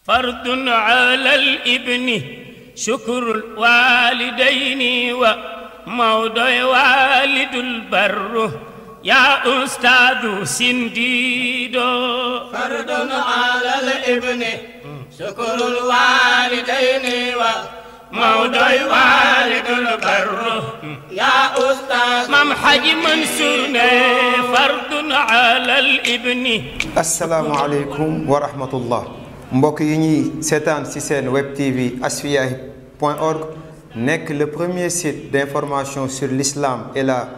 fardun ala al ibni shukrul walidayni wa mawdoy walidul barru يا أستاذ سنديدو فرد على الابن شكر الوالدين وموضع والد البر يا أستاذ مام حاج منصور فرد على الابن السلام عليكم ورحمة الله mbokk yi ñuy seetaan ci seen web tv asfiyahi point org nekk le premier site d'information sur l'islam et la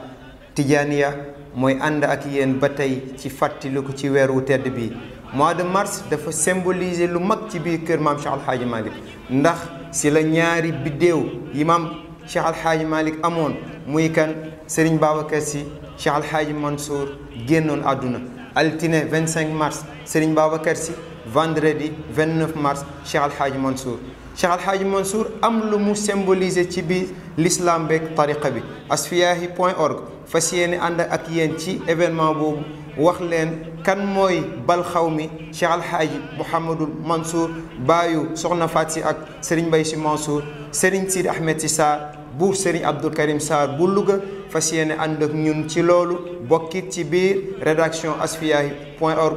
tijaniya mooy ànd ak yéen ba tey ci fàttaliku ci weer wu tedd bi mois de mars dafa symboliser lu mag ci biir kër maam Cheikh Alhaaji Malick ndax si la ñaari biddéew yi maam Cheikh Alhaaji Malick amoon muy kan Serigne Babacar Sy Cheikh Alhaaji Mansour génnoon àdduna altine 25 mars Serigne Babacar Sy vendredi 29 mars Cheikh Al Hadj Mansour Cheikh Al Hadj Mansour am lu mu symboliser ci biir l'islam beeg tariqa bi asfiyahi point org fas yéene ànd ak yéen ci événement boobu wax leen kan mooy bal xaw mi Cheikh Al Hadj Mouhamadul Mansour baayu Soxna Faat si ak Serigne Mbaye Sy Mansour Serigne si Ahmed Sy Sarr bu Serigne Abdoul Karim Sarr bu Louga fas yéene ànd ak ñun ci loolu bokkit ci biir rédaction asfiyahi point org.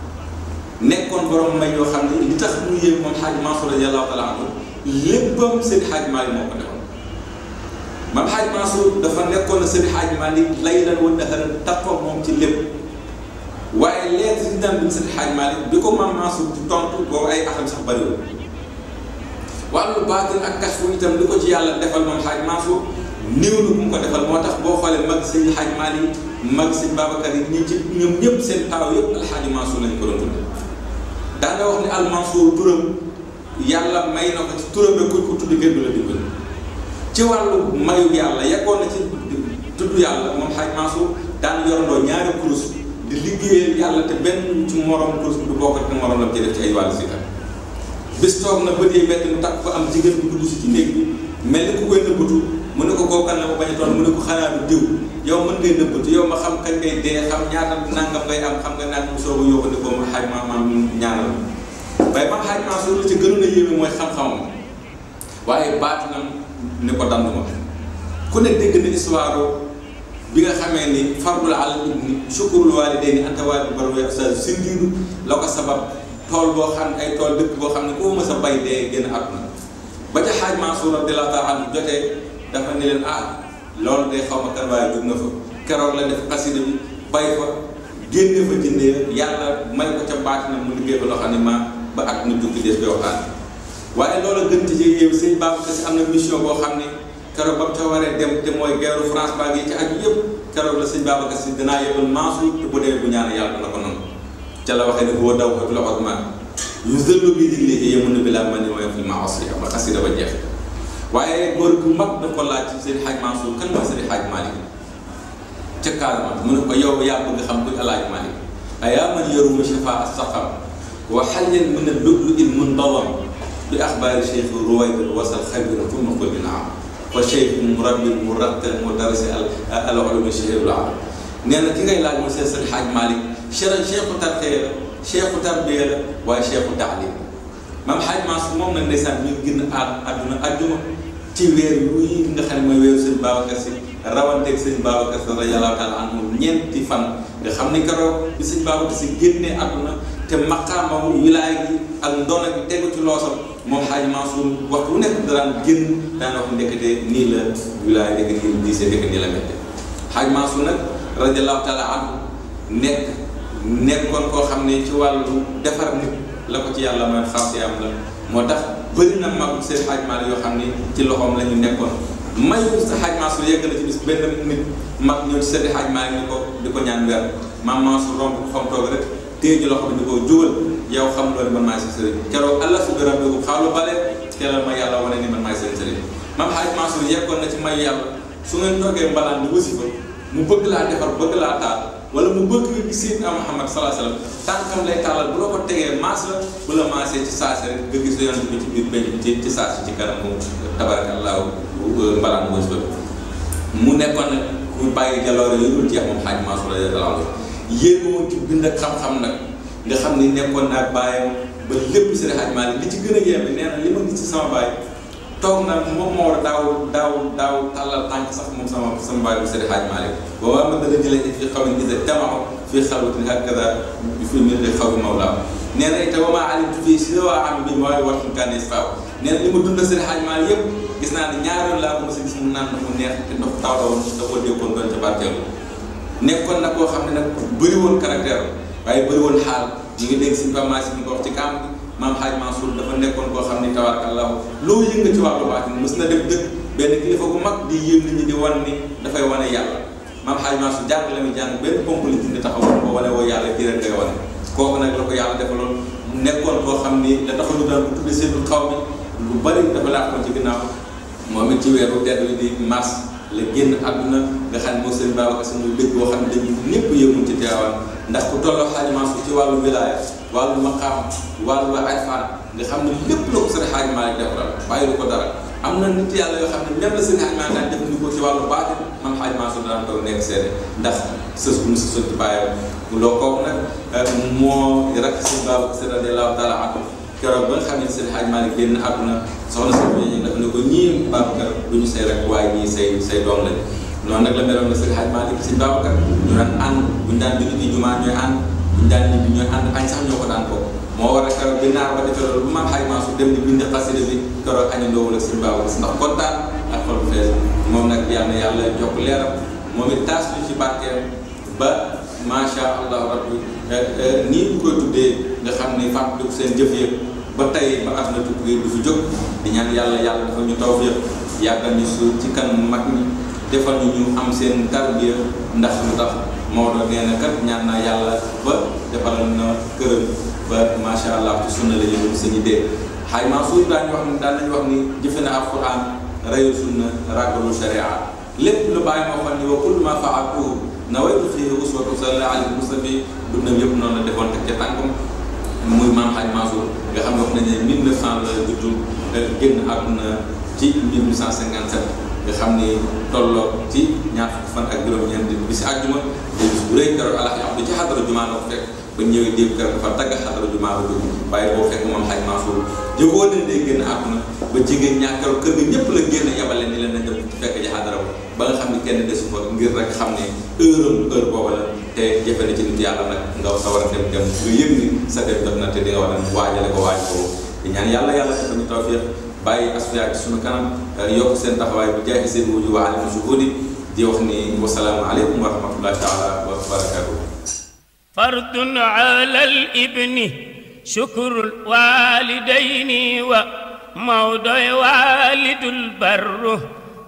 nekkoon borom may yoo xam ne li tax mu yéeg moom xaaj Mansour radiyallahu taala anhu léppam seen xaaj Maalik moo ko defoon dafa nekkoon seen xaaj Maalik laylan wa moom ci lépp waaye lettre yi daan bind seen tontu boobu ay atam sax bëriwul wàllu baatin ak kasfu itam li ko ci yàlla defal moom xaaj Mansour néew lu mu ko defal moo tax boo xoolee mag seen xaaj Maalik mag seen Babacar yi ñi ci ñëpp seen taaw yëpp alxaaji Mansour lañ ko doon daana wax ni almansuur turam yàlla may na ko ci turam rek kuñ tudd kenn du la dimbali ci wàllu mayu yàlla yeggoon na ci tudd yàlla moom xaj Mansuur daan yorandoo ñaari kurus di liggéeyal yàlla te benn ci morom kurus du bokk ak morom la ci ci ay wàllu sikar bis na bët yi mu takk fa am jigéen bu dugg si ci néeg bi mel ni ku koy nëbbatu mu ne ko kookan la ba bañ a toon mu ne ko xanaa du diw yow mën ngay nëbbatu yow ma xam kañ ngay dee xam ñaata nangam ngay am xam nga a yoo ko ne ko ma soo ci gënoon a yéeme mooy xam-xamam waaye ko bi nga xamee ni fardul alal ibni shukrul walidayni anta waajib baro sa sindiiru la ko sabab tool boo xam ay tool dëkk boo xam ne koo mës a bay dee génn àdduna jotee dafa ne leen ah loolu de xaw ma kan waaye dugg na fa keroog la def xasida bi bay fa génne fa jëndee yàlla may ko ca baat na mu liggéey ba loo xam ne ma ba at mu dugg des koy waxtaan waaye loolu gën ci yéew sëñ Babacar Sy am na mission boo xam ne keroog ba mu ca dem te mooy geeru France baa ngi ci ak yëpp keroog la sëñ Babacar Sy dinaa yebal Mansour te bu dee bu ñaan yàlla na ko noonu ca la waxee ne boo daw ak la xot ma ñu zëllu bi digle yemunu bi waaye góor bu mag daf ko laaj ci seen xaaj Mansour kan mooy seen xaaj Malick ca Casamance mu yaa bëgg xam kuy alaaj Malick ayaa man yarumu shafaa as-saqam wa xallan min al-lu'lu'i al-mundalam bi axbaari cheikh Ruwayd wasal xabira thumma qul naam fa cheikh murabbin murattal mudarris al-ulum shahir al-arab nee na ki ngay laaj mooy seen seen xaaj Malick cheran cheikhu tarbiya la cheikhu tarbiya la waaye cheikhu taalim maam xaaj Mansour moom nag ndeysaan ñu ci weer yi nga xam ne mooy weeru sëñ Babacar si rawanteeg sëñ Babacar si radiyallaahu taala ñeenti fan nga xam ni keroog bi sëñ Babacar si génnee àdduna te maqaamamu wilaay gi ak ndono bi tegu ci loosam moom Xaaji Mansour waxtu wu nekk daraan génn daan wax ndekete nii la wilaay dëkk nii la diisee la mette Xaaji Mansour nag radiyallaahu taala nekk nekkoon koo xam ne ci wàllu defar nit la ko ci yàlla mooy xaas yàlla. moo tax bëri na mag seen xajmaal yoo xam ni ci loxoom la ñu nekkoon mayu sa xajmaal su yegg na ci bis benn nit mag ñëw ci seen xajmaal yi ko di ko ñaan weer maam Mansour romb xam toog rek téye ji loxo bi di ko jógal yow xam loolu man maay sa sëriñ su gërëm yow xaalu bale teelal man maay seen sëriñ maam na ci mayu yàlla su ngeen toogee mbalaan di wasifa mu bëgg laa defar bëgg laa taal wala mu bëgg nga gis Seydina Muhammad salaa salaam tànkam lay tàllal bu la ko tegee maas la bu la maasee ci saasi rek nga gis yonent bi ci biir bañ ci ci saasi ci mu tabarakallahu euh, ba mu nekkoon nag ku bàyyi jaloore yu dul jeex moom xaaj maas nga xam ni nekkoon naa bàyyam ba lépp si xaaj maas li ci gën a yem nee li ma gis ci sama bàyyi toog na moom moo tax daawul daawul daawul tàllal tànk sax moom sama sama baay bu Seydi Hadj Malick boo waa mën na la jëlee fii xaw ma gis ne jamono fii fi mbir di xaw ma wala nee na itam maa alimtu fii si la am bi ma war a gànnaaw si taw li ma dundal Seydi Hadj Malick yëpp gis naa ñaar yoon laa ko mos a gis mu naan mu neex te ndox taw la woon da koo déggoon doon ca barkeelu nekkoon na koo xam ne nag bëri woon caractère waaye bëri woon xaal ñu ngi dégg suñu pharmacie bi nga wax ci kàmm maam Hadj su dafa nekkoon koo xam ni tabaarakallahu loo yënga ci wàllu baatin mës na def dëkk benn kilifa bu mag di ñi di wan ni dafay wane yàlla maam Hadj Mansour jàng la muy jàng benn pomp la jënd taxawoon ko woo yàlla jërë ngay wane kooku nag la ko yàlla nekkoon koo xam ni da taxalu daan bu tudde seetul xaw dafa laaxoon ci ginnaaw moom it ci weeru tedd la génn àdduna nga xam ne moom sëñ Babacar Sy muy dëkk boo xam ne dañuy ñëpp ci teewaan ndax ku tolloo Hadj Mansour ci wàllu wilaaya wàllu maqaam wàllu arfaan nga xam ne lépp la ko sëriñ Xaaj Maalik defaral bàyyilu ko dara am na nit yàlla yoo xam ne même la sëriñ Xaaj Maalik daan jëfandikoo ci wàllu baatin man Xaaj Mansour daan doon nekk seede ndax sës bu mu sësoon ci bàyyam loo kooku nag euh, moo rak sëñ Babacar Sy radiyallaahu taala anhu keroog ba nga xam ne sëriñ Xaaj Maalik génn àdduna soxna si ñi daf ne ko ñii Babacar du ñu say rek waaye ñii say say doom lañ noonu nag la meloon na sëriñ Xaaj Maalik sëñ Babacar ñu daan ànd bu ñu daan julli ci jumaa ñooy ànd buñ daan ñibbi ñooy ànd añ sax ñoo ko daan ko moo war a keroog bi naar ba defee loolu bu maam xay dem di bind xasida bi keroog añandoowul ak suñu baabu ndax kontaan ak xol bu fees moom nag yal yàlla yokk ñu ci barkeem ba macha allah rabbi eh, eh, nii ñu ni fàttali jëf yëpp ba tey ba yàlla yàlla dafa ci kan mag ñi defal ñu ñu am seen tarbiya ndax lu tax Maodo nee na kat ñaan naa yàlla ba defal na këram ba macha allah ci sunna la ñu sañu dee xay Mansour daañu wax ni daan nañu wax ni jëfe na alquran rayul sunna ragalu sharia lépp lu bàyyi ma xam ni wa kullu ma fa'altuhu nawaytu fihi uswatan sallallahu alayhi wa sallam dundam yëpp noonu la defoon teg ca tànkam muy maam xaj Mansour nga xam ne wax nañu ne 1900 la judd génn àdduna ci 1857 nga xam ni tolloo ci ñaar fukki fan ak juróom-ñeent bi bis àjjuma day bis bu rëy keroog du ci xadara jumaa la ko fekk ba ñëwee jéem keroog dafa dagg xadara jumaa la dugg ba jigéen ñàkkaru kër ga ñëpp la génn yebale ni leen na dem fekk ji ba nga xam ni kenn desu fa ngir rek xam ne heure am heure la te jafe na ci nit yàlla nag nga war a dem dem lu yëg ni sa dem jot na te di war a waajale ko waaj ko ñaan yàlla yàlla dafa ñu tawfiq bàyyi asfiya ci sunu kanam yokk seen taxawaay bu jaay seen wuju wa alimu shuhudi di wax ni wasalaamu aleykum wa rahmatullahi taala wa barakatuhu fardun ala al ibni shukrul walidayni wa mawdoy walidul barru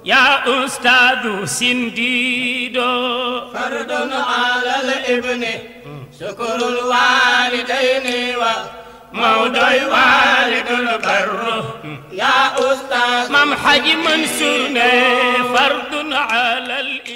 يا أستاذ سنديدو فرد على الابن شكر الوالدين و mawdoy waalidul barru yaa ustaas mam xaji Mansuur ne fardun alal